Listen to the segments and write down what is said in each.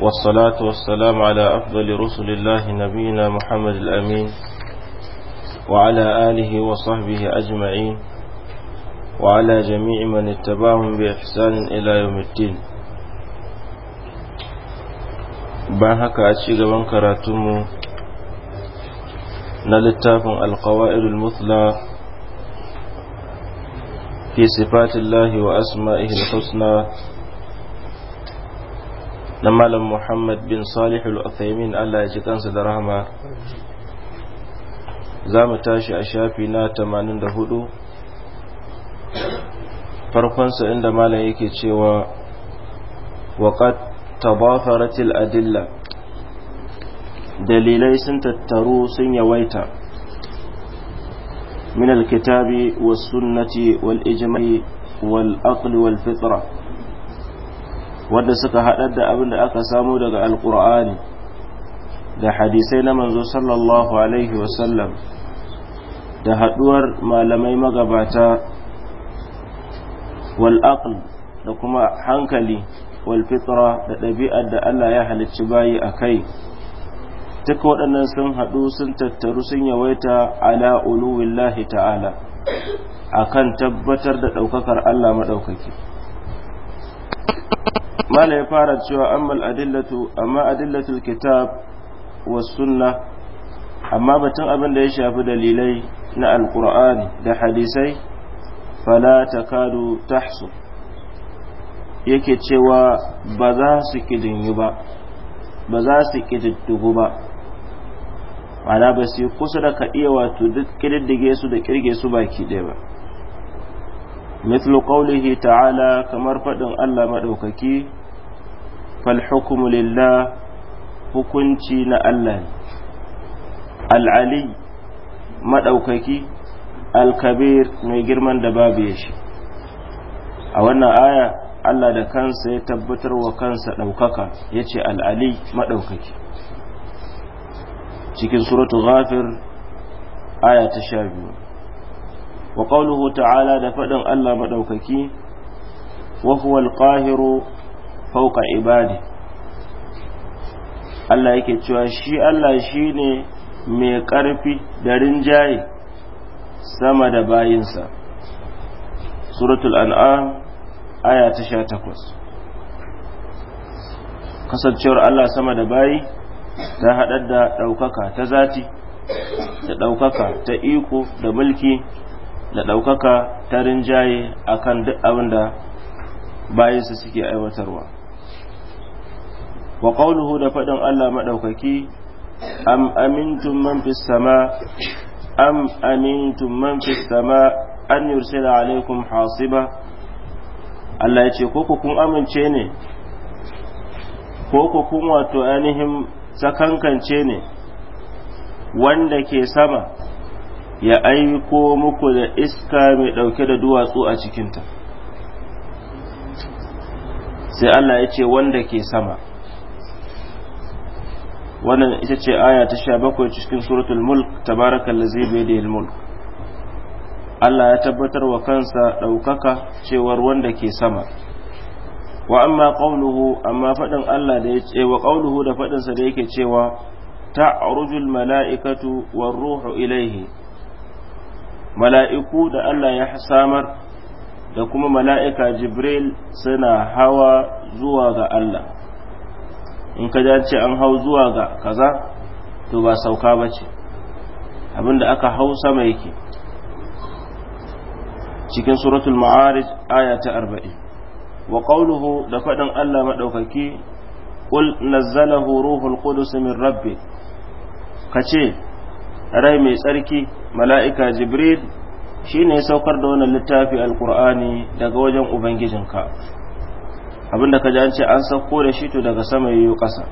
والصلاة والسلام على أفضل رسل الله نبينا محمد الأمين وعلى آله وصحبه أجمعين وعلى جميع من اتبعهم بإحسان إلى يوم الدين ban haka من كراتم نلتاب karatunmu المثلى في صفات الله وأسمائه الحسنى na malam muhammad bin salihul uthaymin allah ya ji kansa da rahama za mu tashi a shafi na 84 farkonsa inda malam yake cewa waƙad tabafaratil adilla dalilai sun tattaru sun yawaita min alkitabi was sunnati wal ijma'i wal aqli wal fitra wanda suka haɗar da abin da aka samu daga alkur'ani da hadisai na manzo sallallahu alaihi wasallam da haɗuwar malamai magabata wal'aql da kuma hankali walfitra da ɗabi'ar da Allah ya halicci bayi a kai duk waɗannan sun haɗu sun tattaru sun yawaita ala uluwillahi ta'ala akan tabbatar da ɗaukakar Allah maɗaukaki mala ya fara cewa ammal adillatu amma adillatul kitab wa sunna amma batun abin da ya shafi dalilai na alkur'ani da hadisai fala takadu tahsu yake cewa ba za su kidinyu ba ba za su kididdigu ba ma'ana ba su kusa da ka iya wato duk kididdige su da kirge su baki ɗaya ba مثل قوله تعالى kamar faɗin Allah مدوككي فالحكم لله hukunci na Allah al'ali maɗaukaki alkabir mai girman da babu ya shi a wannan aya Allah da kansa ya tabbatar wa kansa ɗaukaka ya ce al'ali maɗaukaki cikin suratu ghafir aya ta sha biyu wa qawluhu ta'ala da faɗin Allah maɗaukaki wa huwa al-qahiru fawqa ibadi Allah yake cewa shi Allah shine mai ƙarfi da rinjaye sama da bayinsa suratul an'am aya ta sha takwas kasancewar Allah sama da bayi ta haɗar da ɗaukaka ta zati da ɗaukaka ta iko da mulki da ɗaukaka ta rinjaye akan duk abin da bayansa suke aiwatarwa wa ƙauluhu da faɗin Allah maɗaukaki am amintun man sama am amintun man sama an yursila alaikum hasiba Allah ya ce ko kun amince ne ko kun wato ainihin sakankance ne wanda ke sama ya aiko muku da iska mai ɗauke da duwatsu a cikinta sai Allah ya ce wanda ke sama wannan ita ce aya ta sha bakwai cikin suratul mulk tabarakan da bai mulk Allah ya tabbatar wa kansa ɗaukaka cewar wanda ke sama wa amma qawluhu amma faɗin Allah da ya ce wa qawluhu da faɗinsa da yake cewa ta'rujul mala'ikatu wa ruhu ilaihi mala'iku da Allah ya samar da kuma mala'ika jibril suna hawa zuwa ga Allah in ka ce an hau zuwa ga kaza to ba sauka ba ce abinda aka hau sama yake cikin suratul ma'arij aya ta arba'in wa ƙauluhu da faɗin Allah maɗaukaki qul nazzalahu ruhul ƙudus min rabbi ce. rai mai tsarki mala'ika jibril shi ne saukar da wani littafi alkur'ani daga wajen ubangijinka abinda ka jance an sauko da shi to daga sama yiwu kasa.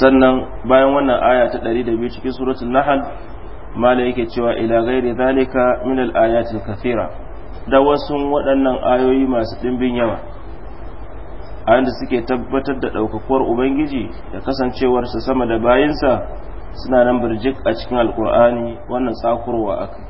sannan bayan wannan aya ta ɗari da biyu cikin suratun nahal mala yake cewa ila gairi zalika min al ta da wasu waɗannan ayoyi masu ɗimbin yawa a yadda suke tabbatar da ɗaukakuwar ubangiji da kasancewarsa sama da bayinsa suna nan birjik a cikin alkur'ani wannan sakurwa aka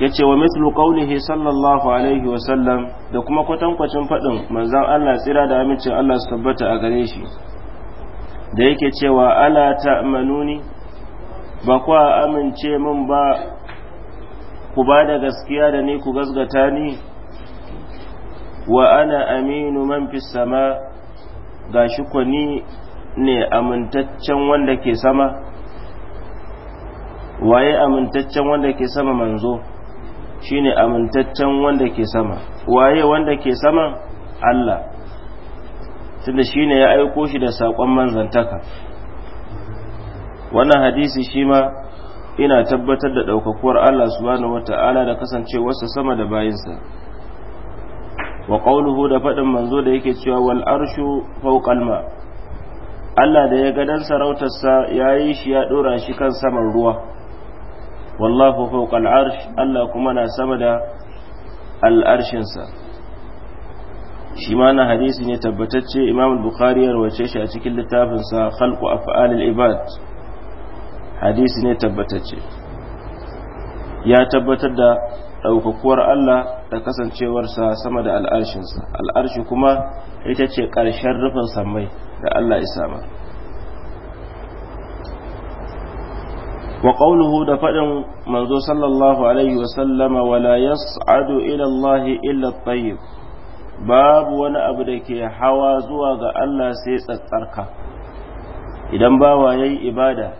ya ce wa mislu qawlihi sallallahu alaihi wa sallam da kuma kwatankwacin faɗin manzon Allah tsira da amincin Allah su tabbata a gare shi da yake cewa ala ta manuni, ba kwa amince min ba ku ba da gaskiya da ni ku gasgata ni wa ana aminu man fis sama shi ko ni ne amintaccen wanda ke sama waye amintaccen wanda ke sama manzo shine amintaccen wanda ke sama waye wanda ke sama Allah tunda shine ya aiko shi da saƙon manzantaka wannan hadisi shi ma ina tabbatar da ɗaukakuwar Allah subhanahu wata'ala da kasancewarsa sama da bayinsa wa qawluhu da faɗin manzo da yake cewa wal arshu fawqa al ma' Allah da ya ga dan sarautarsa ya yi shi ya ɗora shi kan saman ruwa wallahu fawqal arsh Allah kuma na sama da al'arshinsa shi ma na hadisi ne tabbatacce imam bukhari ya rawace shi a cikin littafinsa khalqu af'alil ibad hadisi ne tabbatacce ya tabbatar da ɗaukakuwar Allah da kasancewarsa sama da al'arshinsa al'arshi kuma ita ce ƙarshen rufin sammai da Allah isa ba wa qawluhu da faɗin manzo sallallahu alaihi wa sallama wala yas'adu ilallahi Allah illa tayyib babu wani abu da ke hawa zuwa ga Allah sai tsattsarka idan bawa yayi ibada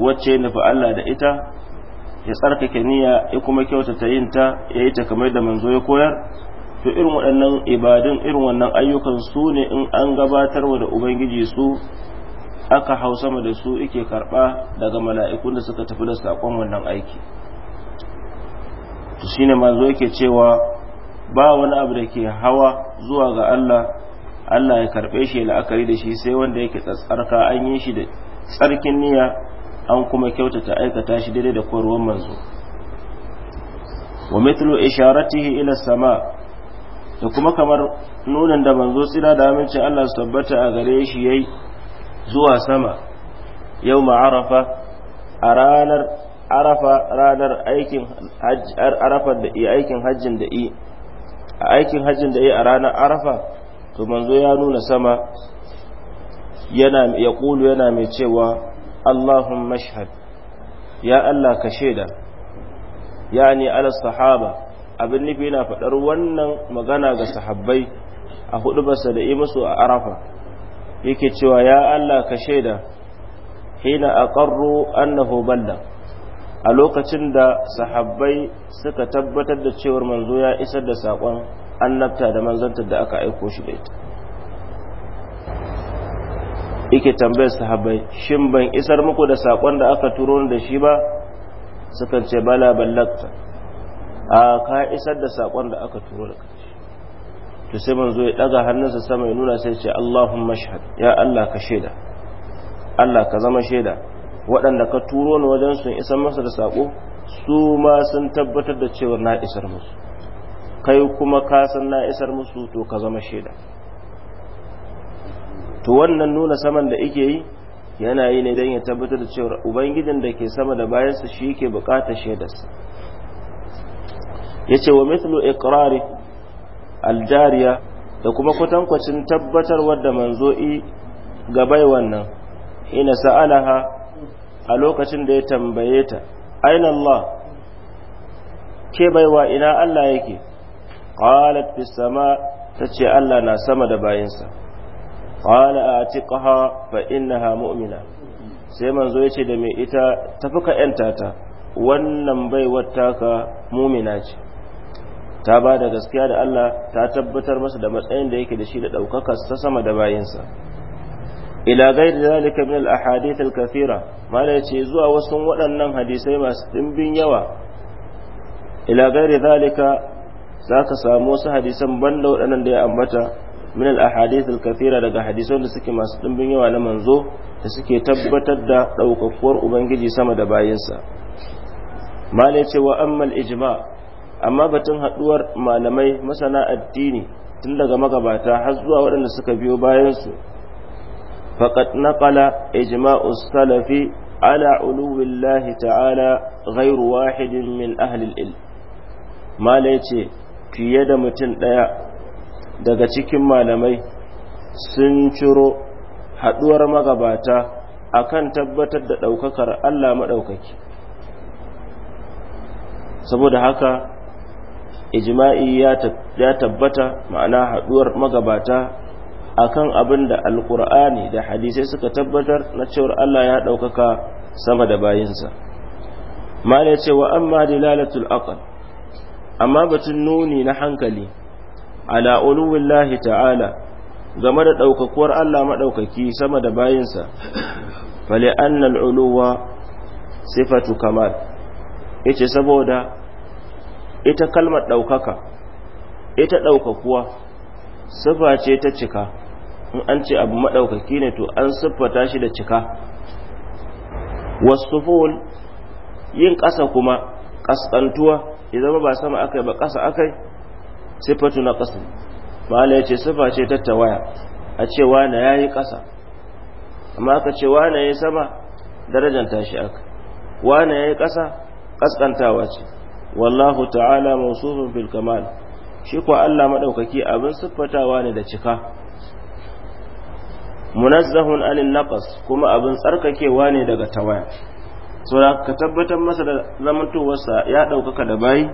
wacce nufi Allah da ita ya tsarkake niyya ya kuma kyautata yin ta ya yi ta kamar da manzo ya koyar to irin waɗannan ibadun irin wannan ayyukan su ne in an gabatar wa da ubangiji su aka hau sama da su ike karɓa daga mala'ikun da suka tafi da saƙon wannan aiki to shine manzo yake cewa ba wani abu da ke hawa zuwa ga Allah Allah ya karɓe shi la'akari da shi sai wanda yake tsatsarka an yi shi da tsarkin niyya an kuma kyautata aikata shi daidai da koyarwar manzo wa mithlu isharatihi ila sama da kuma kamar nunan da manzo tsira da amincin Allah su tabbata a gare shi yayi zuwa sama yau ma'arafa a ranar arafa ranar aikin arafa da i aikin hajjin da i a aikin hajjin da i a ranar arafa to manzo ya nuna sama yana ya kulu yana mai cewa اللهم اشهد يا الله كشيدا يعني على الصحابة abin nufi yana faɗar wannan magana ga sahabbai a hudu basa da yi a arafa yake cewa ya Allah ka shaida hina a ƙarro annahu balla a lokacin da sahabbai suka tabbatar da cewar manzo ya isar da saƙon annabta da manzantar da aka aiko shi da ita yake tambayar sahabbai shin ban isar muku da sakon da aka turo da shi ba suka ce bala ballakta a ka isar da sakon da aka turo da kai to sai manzo ya daga hannunsa sama ya nuna sai ce Allahumma shahad ya Allah ka sheda Allah ka zama shaida waɗanda ka turo ni wajen sun isar masa da sako su ma sun tabbatar da cewa na isar musu kai kuma ka san na isar musu to ka zama shaida to wannan nuna saman da ike yi yana yi ne don ya tabbatar da cewa ubangijin da ke sama da bayansa shi ke bukatar shaidarsa ya ce wa mithlu ikirari aljariya da kuma kwatankwacin tabbatarwar da manzo'i ga bai wannan ina sa'alaha a lokacin da ya tambaye ta aina Allah ke baiwa ina Allah yake qalat bis sama tace Allah na sama da bayansa. qala atiqaha fa innaha mu'mina sai manzo yace da mai ita tafi ka yanta ta wannan baiwar taka mu'mina ce ta ba da gaskiya da Allah ta tabbatar masa da matsayin da yake da shi da daukakar sa sama da bayinsa ila gairi zalika min al-ahadith al-kathira mala yace zuwa wasu waɗannan hadisai masu dimbin yawa ila gairi zalika zaka samu wasu hadisan banda waɗannan da ya ambata Minal al-ahadith al daga hadisan da suke masu dimbin yawa na manzo da suke tabbatar da ɗaukakuwar ubangiji sama da bayinsa malai ce wa ijma amma batun haduwar malamai masana addini tun daga magabata har zuwa waɗanda suka biyo bayansu Fakat naqala ijma'u salafi ala uluwillahi ta'ala Gairu wahidin min ahli al fiye da mutum ɗaya daga cikin malamai sun ciro haɗuwar magabata akan tabbatar da ɗaukakar Allah maɗaukaki saboda haka ijma'i ya tabbata ma'ana haɗuwar magabata akan abin da alkur'ani da hadisai suka tabbatar na cewar Allah ya ɗaukaka sama da bayinsa ma ne cewa amma dilalatul aqal amma batun nuni na hankali ala uluwillahi ta'ala game da ɗaukakuwar Allah maɗaukaki sama da bayinsa fali annal uluwa sifatu kamal yace saboda ita kalmar ɗaukaka ita ɗaukakuwa sifa ce ta cika in an ce abu maɗaukaki ne to an siffata shi da cika wasu yin ƙasa kuma ƙasƙantuwa ya zama ba sama akai ba ƙasa akai sifatu na ƙasa mala yace sifa ce ta a ce wani ya yi amma aka ce wani yayi sama sama ta shi aka wani yayi kasa ƙasa ce wallahu ta'ala mausufin bil kamal shi ko Allah maɗaukaki abin sifatawa ne da cika munazzahun anil naqas kuma abin tsarkakewa ne daga tawaya so ka tabbatar masa da zamantowarsa ya ɗaukaka da bayi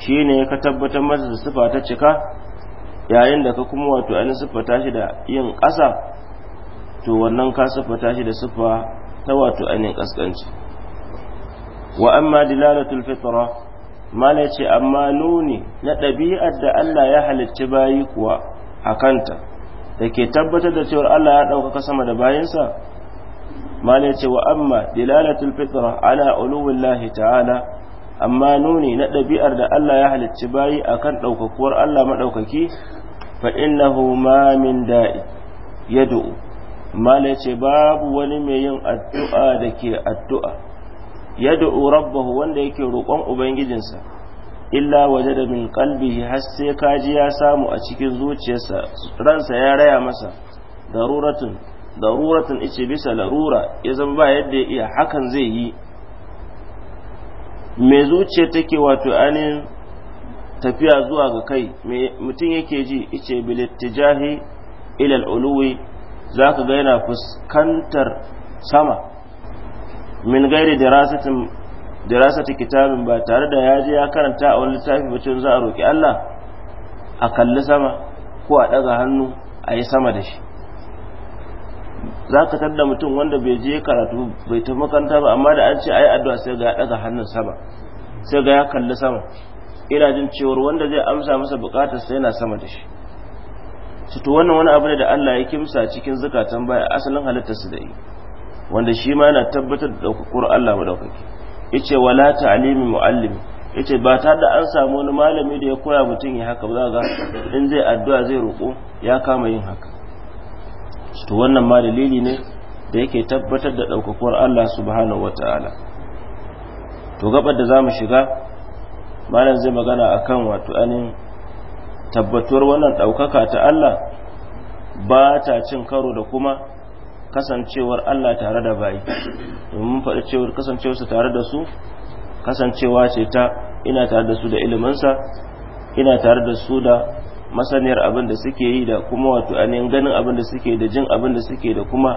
Shi ne ka tabbatar masa da sifa ta cika yayin da ka kuma wato ainihin ta shi da yin ƙasa to wannan ka ta shi da sufa ta wato ainihin ƙasƙanci wa amma dilalatul fitra mala ce amma nuni na ɗabi'ar da Allah ya halitta bayi kuwa a kanta da ke tabbatar da cewar Allah ya ɗaukaka sama da bayinsa mala ce wa amma dilalatul fitra ala uluwillahi ta'ala amma nuni na ɗabi'ar da Allah ya halicci bayi akan ɗaukakuwar Allah maɗaukaki fa innahu ma min da'i yad'u mala ce babu wani mai yin addu'a da ke addu'a yad'u rabbahu wanda yake roƙon ubangijinsa illa waje da min qalbihi har sai kaji ya samu a cikin zuciyarsa ransa ya raya masa daruratun daruratun ice bisa larura ya zama ba yadda ya iya hakan zai yi me zuciya take wato anin tafiya zuwa ga kai mutum yake ji ice bilittijahi ilal uluwi za ka ga yana fuskantar sama min gairi dirasati kitabin ba tare da ya je ya karanta a wani littafi bacin za a roƙi Allah a kalli sama ko a ɗaga hannu a yi sama da shi za ka tadda mutum wanda bai je karatu bai tafi makaranta ba amma da an ce a yi addu'a sai ga ya ɗaga hannun sama sai ga ya kalli sama ina jin cewar wanda zai amsa masa buƙatar sai yana sama da shi su to wannan wani abu ne da Allah ya kimsa cikin zukatan baya asalin halittar su da yi wanda shi ma yana tabbatar da daukakur Allah madaukaki ice wala muallimi ba ta da an samu wani malami da ya koya mutum ya haka ba za ga in zai addu'a zai roƙo ya kama yin haka to wannan ma dalili ne da yake tabbatar da ɗaukakuwar Allah subhanahu wata'ala to gabar da zamu shiga malam zai magana akan wato anin tabbatuwar wannan ɗaukaka ta Allah ba ta cin karo da kuma kasancewar Allah tare da bai domin faɗa cewar kasancewarsa tare da su kasancewa ce ta ina tare da su da iliminsa ina tare da su da masaniyar abin da suke yi da kuma wato ainihin ganin abin da suke da jin abin da suke da kuma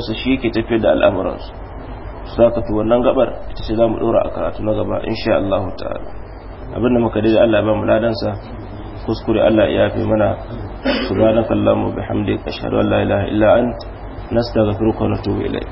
su shi ke tafiyar da al'amuransu su za ka fi wannan gabar ita ce za mu ɗora a karatu na gaba insha Allah ta'ala abin da muka daidai Allah ba mu ladansa kuskure Allah ya fi mana subhanakallahumma bihamdika ashhadu an la ilaha illa ga nastaghfiruka wa natubu ilayk